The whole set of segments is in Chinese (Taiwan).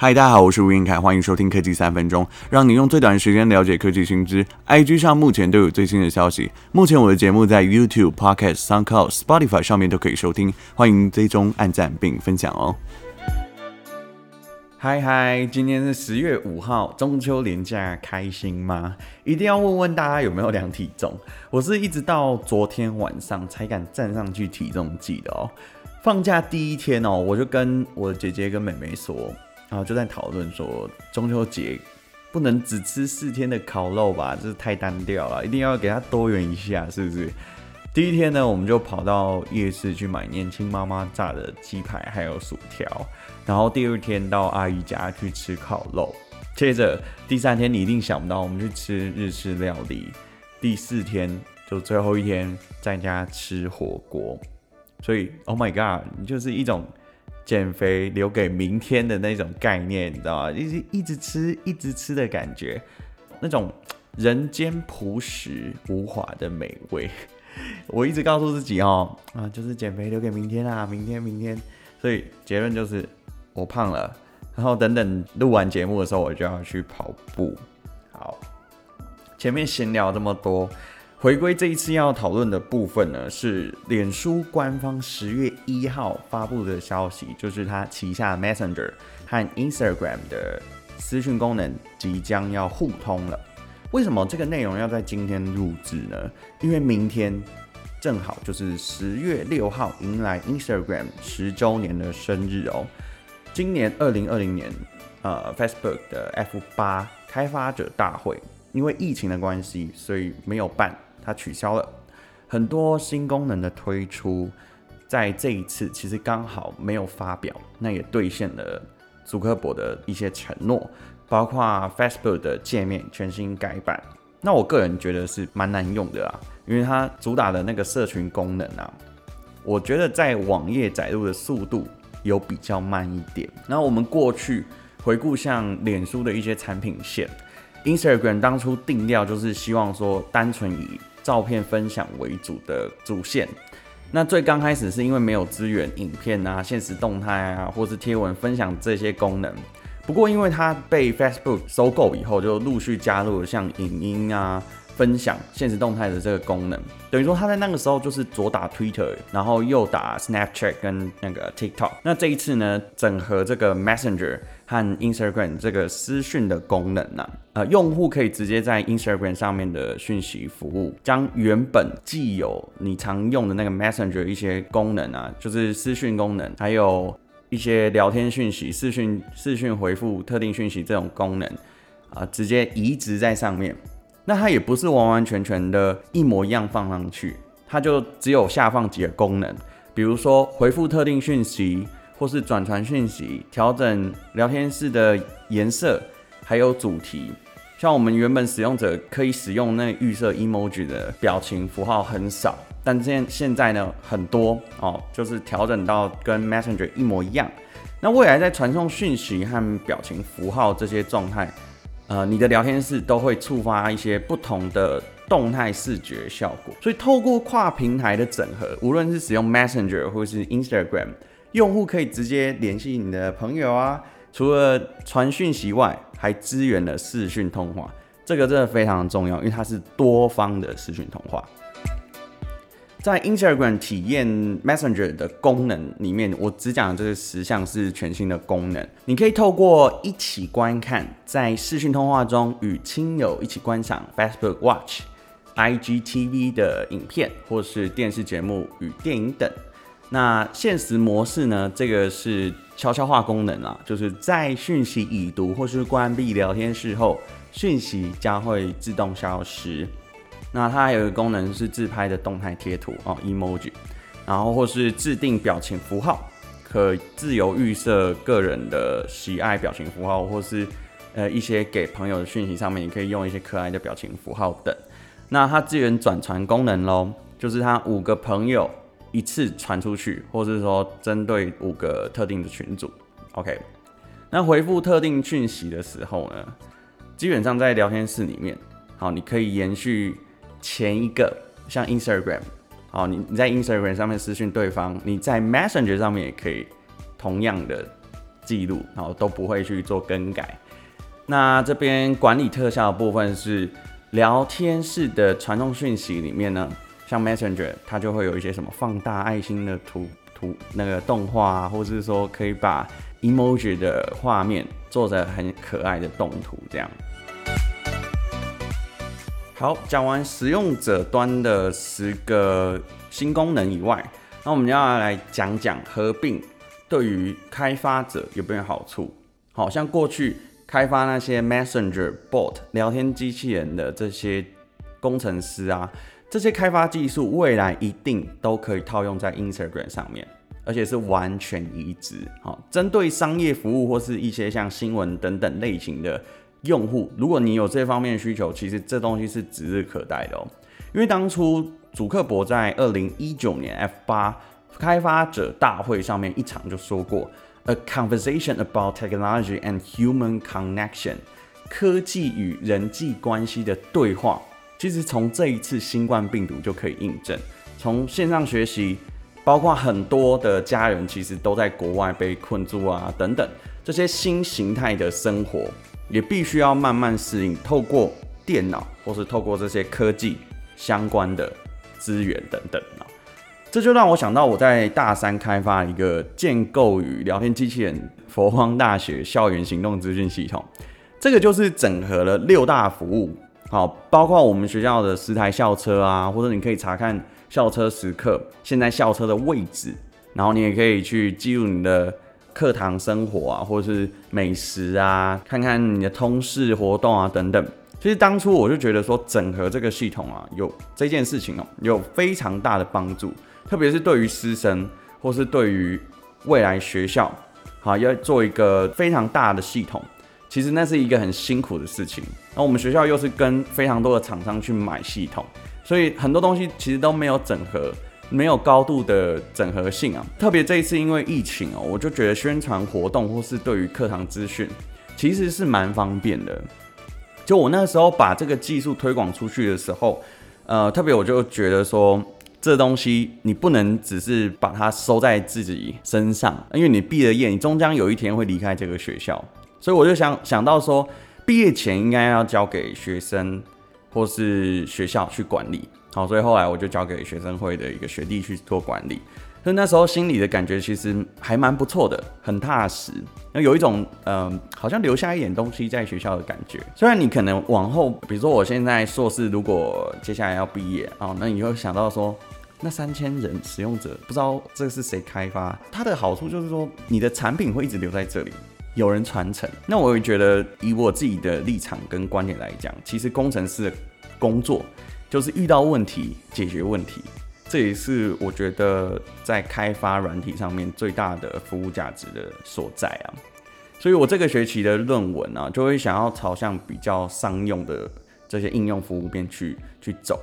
嗨，大家好，我是吳晏愷，歡迎收聽科技三分鐘，讓你用最短的時間了解科技新知。IG 上目前都有最新的消息。目前我的節目在 YouTube、Podcast、SoundCloud、Spotify 上面都可以收聽，歡迎追蹤、按讚並分享哦。嗨嗨，今天是十月五號，中秋連假開心嗎？一定要問問大家有沒有量體重。我是一直到昨天晚上才敢站上去體重計的哦。放假第一天哦，我就跟我的姐姐跟妹妹說。然後就在討論說，中秋節不能只吃四天的烤肉吧，這是太單調了，一定要給他多元一下，是不是？第一天呢，我們就跑到夜市去買年輕媽媽炸的雞排還有薯條，然後第二天到阿姨家去吃烤肉，接着第三天你一定想不到，我們去吃日式料理，第四天就最後一天在家吃火鍋，所以 Oh my God，你就是一種。減肥留給明天的那種概念，你知道嗎？就是一直吃、一直吃的感覺，那種人間樸實無華的美味。 我一直告訴自己哦，啊，就是減肥留給明天啊，明天、明天。所以結論就是我胖了。然後等等錄完節目的時候，我就要去跑步。好，前面閒聊這麼多。回歸這一次要討論的部分呢，是臉書官方十月一號發布的消息，就是它旗下 Messenger 和 Instagram 的私訊功能即將要互通了。為什麼這個內容要在今天錄製呢？因為明天正好就是十月六號，迎來 Instagram 十週年的生日哦、喔。今年二零二零年，呃，Facebook 的 F 八開發者大會因為疫情的關係，所以沒有辦。它取消了很多新功能的推出，在這一次其實剛好沒有發表，那也兌現了祖克伯的一些承諾，包括 Facebook 的界面全新改版。那我個人覺得是蠻難用的啊，因為它主打的那個社群功能啊，我覺得在網頁載入的速度有比較慢一點。那我們過去回顧像臉書的一些產品線，Instagram 當初定調就是希望說單純以照片分享為主的主線，那最剛開始是因為沒有資源支援，影片啊、限時動態啊，或是貼文分享這些功能。不過，因為它被 Facebook 收購以後，就陸續加入像影音啊、分享限時動態的這個功能。等於說，它在那個時候就是左打 Twitter，然後右打 Snapchat 跟那個 TikTok。那這一次呢，整合這個 Messenger。和 Instagram 這個私訊的功能啊，啊、呃，用戶可以直接在 Instagram 上面的訊息服務，將原本既有你常用的那個 Messenger 一些功能啊，就是私訊功能，還有一些聊天訊息、私訊、私訊回復特定訊息這種功能啊、呃，直接移植在上面。那它也不是完完全全的一模一樣放上去，它就只有下放幾個功能，比如說回復特定訊息。或是轉傳訊息，調整聊天室的顏色，還有主題。像我們原本使用者可以使用那預設 emoji 的表情符號很少，但現現在呢很多哦，就是調整到跟 Messenger 一模一樣。那未來在傳送訊息和表情符號這些狀態，呃，你的聊天室都會觸發一些不同的動態視覺效果。所以透過跨平台的整合，無論是使用 Messenger 或是 Instagram。用戶可以直接聯繫你的朋友啊，除了傳訊息外，還支援了視訊通話，這個真的非常重要，因為它是多方的視訊通話。在 Instagram 體驗 Messenger 的功能裡面，我只講這個十項是全新的功能，你可以透過一起觀看，在視訊通話中與親友一起觀賞 Facebook Watch、IGTV 的影片，或是電視節目與電影等。那限時模式呢？這個是悄悄話功能啦、啊，就是在訊息已讀或是關閉聊天室後，訊息將會自動消失。那它還有一個功能是自拍的動態貼圖哦，emoji，然後或是自定表情符號，可自由預設個人的喜愛表情符號，或是呃一些給朋友的訊息上面也可以用一些可愛的表情符號等。那它支援轉傳功能咯，就是它五個朋友。一次傳出去，或是說針對五個特定的群組，OK。那回復特定訊息的時候呢，基本上在聊天室裡面，好，你可以延續前一個，像 Instagram，好，你你在 Instagram 上面私訊對方，你在 Messenger 上面也可以同樣的記錄，然後都不會去做更改。那這邊管理特效的部分是聊天室的傳送訊息裡面呢。像 Messenger 它就會有一些什麼放大愛心的圖圖，那個動畫啊，或者是說可以把 emoji 的畫面做成很可愛的動圖這樣。好，講完使用者端的十個新功能以外，那我們要來講講合併對於開發者有沒有好處。好像過去開發那些 Messenger Bot 聊天機器人的這些工程師啊。這些開發技術未來一定都可以套用在 Instagram 上面，而且是完全移植。好，哦，針對商業服務或是一些像新聞等等類型的用戶，如果你有這方面的需求，其實這東西是指日可待的哦。因為當初祖克伯在二零一九年 F 八開發者大會上面一場就說過，A conversation about technology and human connection，科技與人際關係的對話。其實從這一次新冠病毒就可以印證，從線上學習，包括很多的家人其實都在國外被困住啊，等等，這些新形態的生活也必須要慢慢適應。透過電腦或是透過這些科技相關的資源等等，這就讓我想到我在大三開發一個建構與聊天機器人，佛光大學校園行動資訊系統，這個就是整合了六大服務。好，包括我們學校的十台校車啊，或者你可以查看校車時刻，現在校車的位置，然後你也可以去記錄你的課堂生活啊，或是美食啊，看看你的通識活動啊等等。其實當初我就覺得說，整合這個系統啊，有這件事情哦、喔，有非常大的幫助，特別是對於師生，或是對於未來學校，好，要做一個非常大的系統。其實那是一個很辛苦的事情。那我們學校又是跟非常多的廠商去買系統，所以很多東西其實都沒有整合，沒有高度的整合性啊。特別這一次因為疫情哦，我就覺得宣傳活動或是對於課堂資訊，其實是蠻方便的。就我那時候把這個技術推廣出去的時候，呃，特別我就覺得說，這東西你不能只是把它收在自己身上，因為你畢了業，你終將有一天會離開這個學校。所以我就想想到說，畢業前應該要交給學生或是學校去管理。好，所以後來我就交給學生會的一個學弟去做管理。所以那時候心裡的感覺其實還蠻不錯的，很踏實。那有一種嗯、呃，好像留下一點東西在學校的感覺。雖然你可能往後，比如說我現在碩士，如果接下來要畢業啊、哦，那你會想到說，那三千人使用者不知道這是誰開發。它的好處就是說，你的產品會一直留在這裡。有人傳承，那我也覺得以我自己的立場跟觀點來講，其實工程師的工作就是遇到問題解決問題，這也是我覺得在開發軟體上面最大的服務價值的所在啊。所以我這個學期的論文啊，就會想要朝向比較商用的這些應用服務邊去去走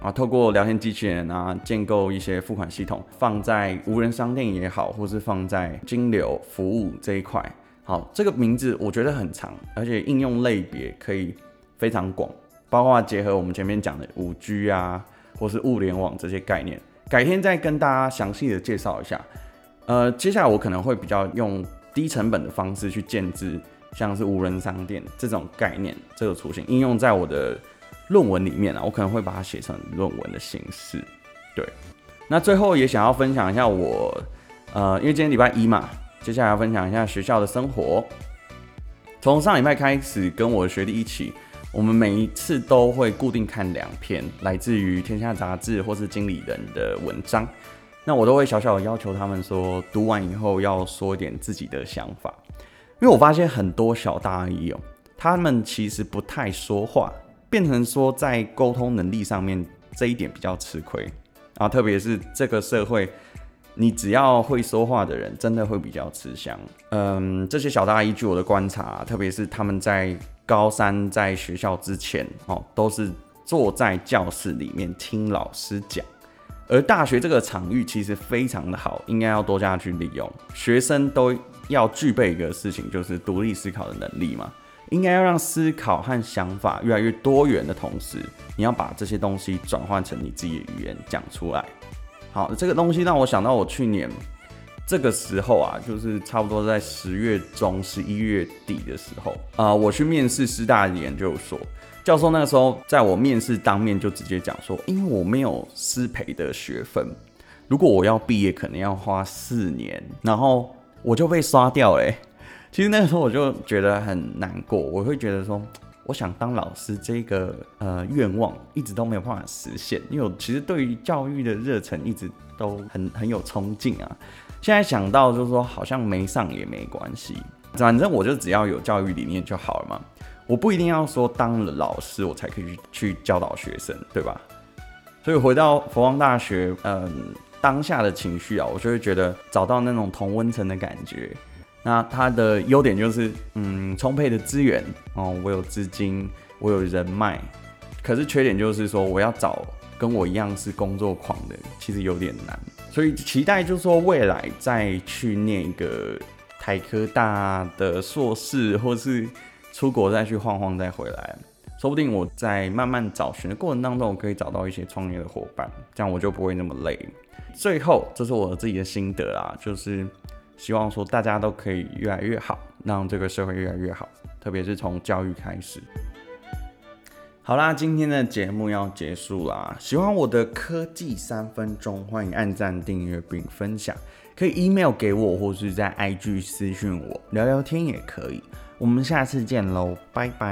啊，透過聊天機器人啊，建構一些付款系統，放在無人商店也好，或是放在金流服務這一塊。好，這個名字我覺得很長，而且應用類別可以非常廣，包括結合我們前面講的 5G 啊，或是物聯網這些概念，改天再跟大家詳細的介紹一下。呃，接下來我可能會比較用低成本的方式去建置，像是無人商店這種概念，這個雛形應用在我的論文裡面啊，我可能會把它寫成論文的形式。對，那最後也想要分享一下我，呃，因為今天禮拜一嘛。接下來分享一下學校的生活。從上禮拜開始，跟我學弟一起，我們每一次都會固定看兩篇來自於《天下雜誌》或是《經理人》的文章。那我都會小小的要求他們說，讀完以後要說一點自己的想法，因為我發現很多小大姨哦，他們其實不太說話，變成說在溝通能力上面這一點比較吃虧啊，特別是這個社會。你只要會說話的人，真的會比較吃香。嗯，這些小大一，據我的觀察、啊，特別是他們在高三在學校之前，哦，都是坐在教室裡面聽老師講。而大學這個場域其實非常的好，應該要多加去利用。學生都要具備一個事情，就是獨立思考的能力嘛。應該要讓思考和想法越來越多元的同時，你要把這些東西轉換成你自己的語言講出來。好，這個東西讓我想到我去年這個時候啊，就是差不多在十月中、十一月底的時候啊、呃，我去面試師大研究所教授。那個時候，在我面試當面就直接講說，因為我沒有師培的學分，如果我要畢業，可能要花四年，然後我就被刷掉。誒、欸，其實那個時候我就覺得很難過，我會覺得說。我想當老師這個呃願望一直都沒有辦法實現，因為我其實對於教育的熱忱一直都很很有衝勁啊。現在想到就是說，好像沒上也沒關係，反正我就只要有教育理念就好了嘛。我不一定要說當了老師我才可以去，去教導學生，對吧？所以回到佛光大學，嗯、呃，當下的情緒啊，我就會覺得找到那種同溫層的感覺。那它的優點就是，嗯，充沛的資源哦，嗯，我有資金，我有人脈，可是缺點就是說，我要找跟我一樣是工作狂的，其實有點難。所以期待就是說，未來再去念一個台科大的碩士，或是出國再去晃晃再回來，說不定我在慢慢找尋的過程當中，我可以找到一些創業的夥伴，這樣我就不會那麼累。最後，這是我自己的心得啊，就是。希望說大家都可以越來越好，讓這個社會越來越好，特別是從教育開始。好啦，今天的節目要結束啦，喜歡我的科技三分鐘，歡迎按讚、訂閱並分享，可以 email 給我或是在 IG 私訊我聊聊天也可以。我們下次見嘍，拜拜。